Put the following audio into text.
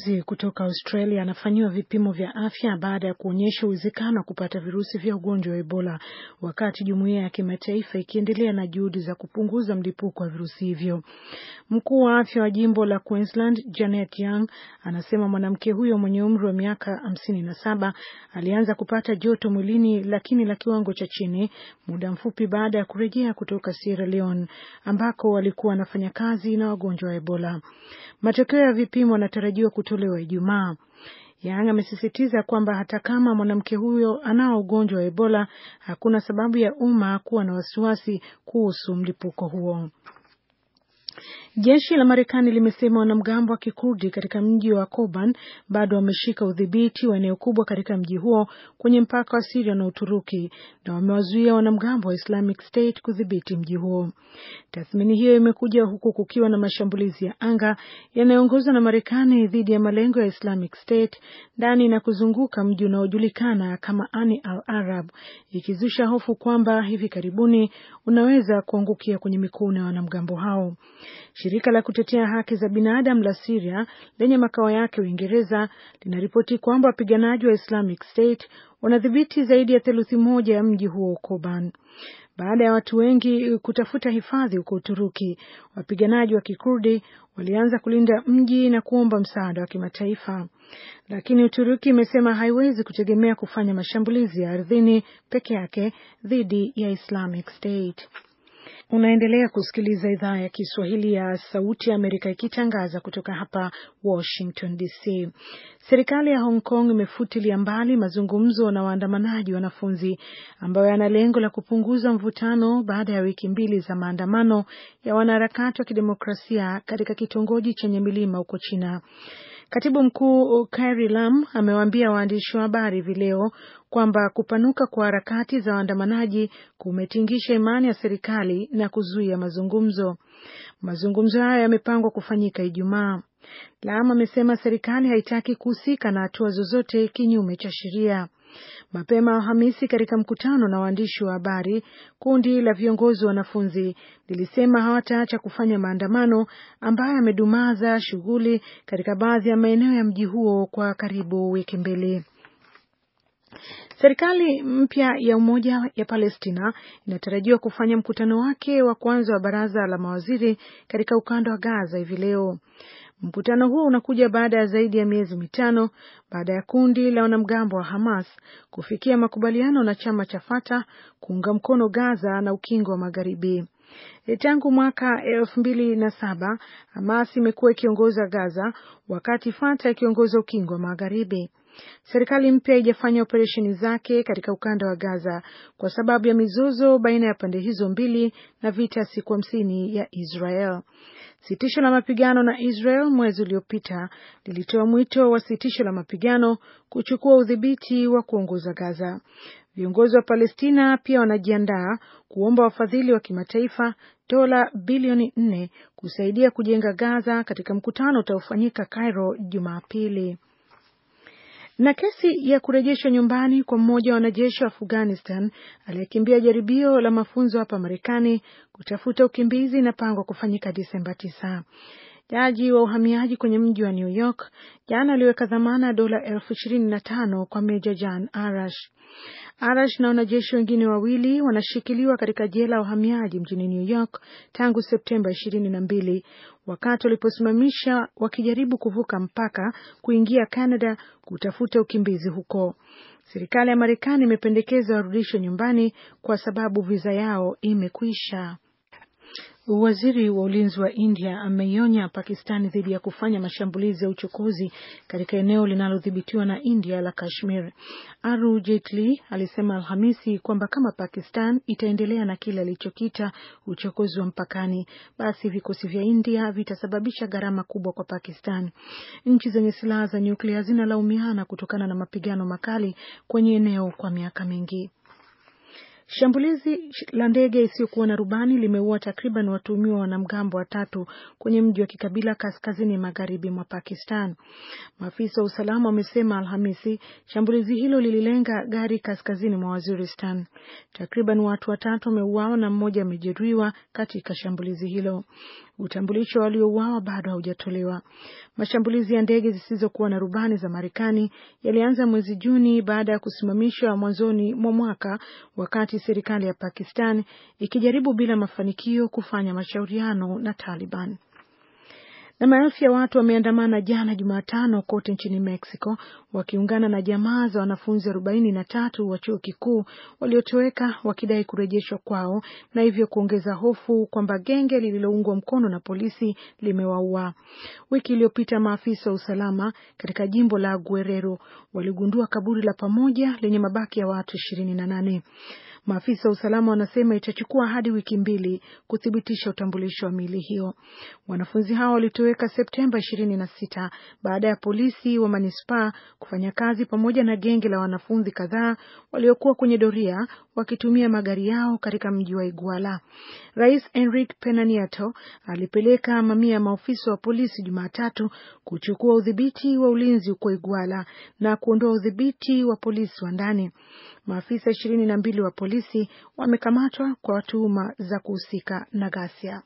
Muuguzi kutoka Australia anafanyiwa vipimo vya afya baada ya kuonyesha uwezekano wa kupata virusi vya ugonjwa wa Ebola, wakati jumuiya ya kimataifa ikiendelea na juhudi za kupunguza mlipuko wa virusi hivyo. Mkuu wa afya wa jimbo la Queensland, Janet Young, anasema mwanamke huyo mwenye umri wa miaka hamsini na saba alianza kupata joto mwilini, lakini la kiwango cha chini, muda mfupi baada ya kurejea kutoka Sierra Leone ambako walikuwa wanafanya kazi na wagonjwa wa Ebola. Matokeo ya vipimo yanatarajiwa wa Ijumaa. Yang amesisitiza kwamba hata kama mwanamke huyo anao ugonjwa wa Ebola, hakuna sababu ya umma kuwa na wasiwasi kuhusu mlipuko huo. Jeshi la Marekani limesema wanamgambo wa Kikurdi katika mji wa Koban bado wameshika udhibiti wa eneo kubwa katika mji huo kwenye mpaka wa Siria na Uturuki na wamewazuia wanamgambo wa Islamic State kudhibiti mji huo. Tathmini hiyo imekuja huku kukiwa na mashambulizi ya anga yanayoongozwa na Marekani dhidi ya malengo ya Islamic State ndani na kuzunguka mji unaojulikana kama Ani al Arab, ikizusha hofu kwamba hivi karibuni unaweza kuangukia kwenye mikono ya wanamgambo hao. Shirika la kutetea haki za binadamu la siria lenye makao yake Uingereza linaripoti kwamba wapiganaji wa Islamic State wanadhibiti zaidi ya theluthi moja ya mji huo Koban. Baada ya watu wengi kutafuta hifadhi huko Uturuki, wapiganaji wa Kikurdi walianza kulinda mji na kuomba msaada wa kimataifa, lakini Uturuki imesema haiwezi kutegemea kufanya mashambulizi ya ardhini peke yake dhidi ya Islamic State. Unaendelea kusikiliza idhaa ya Kiswahili ya Sauti ya Amerika ikitangaza kutoka hapa Washington DC. Serikali ya Hong Kong imefutilia mbali mazungumzo na waandamanaji wanafunzi ambayo yana lengo la kupunguza mvutano baada ya wiki mbili za maandamano ya wanaharakati wa kidemokrasia katika kitongoji chenye milima huko China. Katibu mkuu Carrie Lam amewaambia waandishi wa habari vileo kwamba kupanuka kwa harakati za waandamanaji kumetingisha imani ya serikali na kuzuia mazungumzo. Mazungumzo hayo yamepangwa kufanyika Ijumaa. Lam amesema serikali haitaki kuhusika na hatua zozote kinyume cha sheria. Mapema Alhamisi, katika mkutano na waandishi wa habari, kundi la viongozi wa wanafunzi lilisema hawataacha kufanya maandamano ambayo yamedumaza shughuli katika baadhi ya maeneo ya mji huo kwa karibu wiki mbili. Serikali mpya ya umoja ya Palestina inatarajiwa kufanya mkutano wake wa kwanza wa baraza la mawaziri katika ukanda wa Gaza hivi leo. Mkutano huo unakuja baada ya zaidi ya miezi mitano baada ya kundi la wanamgambo wa Hamas kufikia makubaliano na chama cha Fatah kuunga mkono Gaza na ukingo wa Magharibi. E, tangu mwaka elfu mbili na saba Hamas imekuwa ikiongoza Gaza wakati Fatah ikiongoza ukingo wa Magharibi. Serikali mpya haijafanya operesheni zake katika ukanda wa Gaza kwa sababu ya mizozo baina ya pande hizo mbili na vita siku hamsini ya Israel. Sitisho la mapigano na Israel mwezi uliopita lilitoa mwito wa sitisho la mapigano kuchukua udhibiti wa kuongoza Gaza. Viongozi wa Palestina pia wanajiandaa kuomba wafadhili wa kimataifa dola bilioni nne kusaidia kujenga Gaza katika mkutano utaofanyika Cairo Jumapili. Na kesi ya kurejeshwa nyumbani kwa mmoja wa wanajeshi wa Afghanistan aliyekimbia jaribio la mafunzo hapa Marekani kutafuta ukimbizi inapangwa kufanyika Disemba tisa. Jaji wa uhamiaji kwenye mji wa New York jana aliweka dhamana ya dola elfu ishirini na tano kwa Meja Jan Arash. Arash na wanajeshi wengine wawili wanashikiliwa katika jela ya uhamiaji mjini New York tangu Septemba ishirini na mbili wakati waliposimamisha wakijaribu kuvuka mpaka kuingia Canada kutafuta ukimbizi huko. Serikali ya Marekani imependekeza warudishwe nyumbani kwa sababu viza yao imekwisha. Waziri wa ulinzi wa India ameionya Pakistani dhidi ya kufanya mashambulizi ya uchokozi katika eneo linalodhibitiwa na India la Kashmir. aru Jaitley alisema Alhamisi kwamba kama Pakistan itaendelea na kile alichokita uchokozi wa mpakani, basi vikosi vya India vitasababisha gharama kubwa kwa Pakistan. Nchi zenye silaha za nyuklia zinalaumiana kutokana na mapigano makali kwenye eneo kwa miaka mingi. Shambulizi la ndege isiyokuwa na rubani limeua takriban watuhumiwa wanamgambo watatu kwenye mji wa kikabila kaskazini magharibi mwa Pakistan. Maafisa wa usalama wamesema Alhamisi shambulizi hilo lililenga gari kaskazini mwa Waziristan. Takriban watu watatu wameuawa na mmoja amejeruhiwa katika shambulizi hilo. Utambulisho waliouawa bado haujatolewa. Mashambulizi ya ndege zisizokuwa na rubani za Marekani yalianza mwezi Juni baada ya kusimamishwa mwanzoni mwa mwaka wakati serikali ya Pakistan ikijaribu bila mafanikio kufanya mashauriano na Taliban. Na maelfu ya watu wameandamana jana Jumatano kote nchini Mexico wakiungana na jamaa za wanafunzi arobaini na tatu wa chuo kikuu waliotoweka wakidai kurejeshwa kwao na hivyo kuongeza hofu kwamba genge lililoungwa mkono na polisi limewaua. Wiki iliyopita maafisa wa usalama katika jimbo la Guerrero waligundua kaburi la pamoja lenye mabaki ya watu ishirini na nane. Maafisa wa usalama wanasema itachukua hadi wiki mbili kuthibitisha utambulisho wa miili hiyo. Wanafunzi hao walitoweka Septemba 26 baada ya polisi wa manispaa kufanya kazi pamoja na genge la wanafunzi kadhaa waliokuwa kwenye doria wakitumia magari yao katika mji wa Iguala. Rais Enrique Pena Nieto alipeleka mamia ya maofisa wa polisi Jumatatu kuchukua udhibiti wa ulinzi huko Iguala na kuondoa udhibiti wa polisi wa ndani. Maafisa ishirini na mbili wa polisi polisi wamekamatwa kwa tuhuma za kuhusika na ghasia.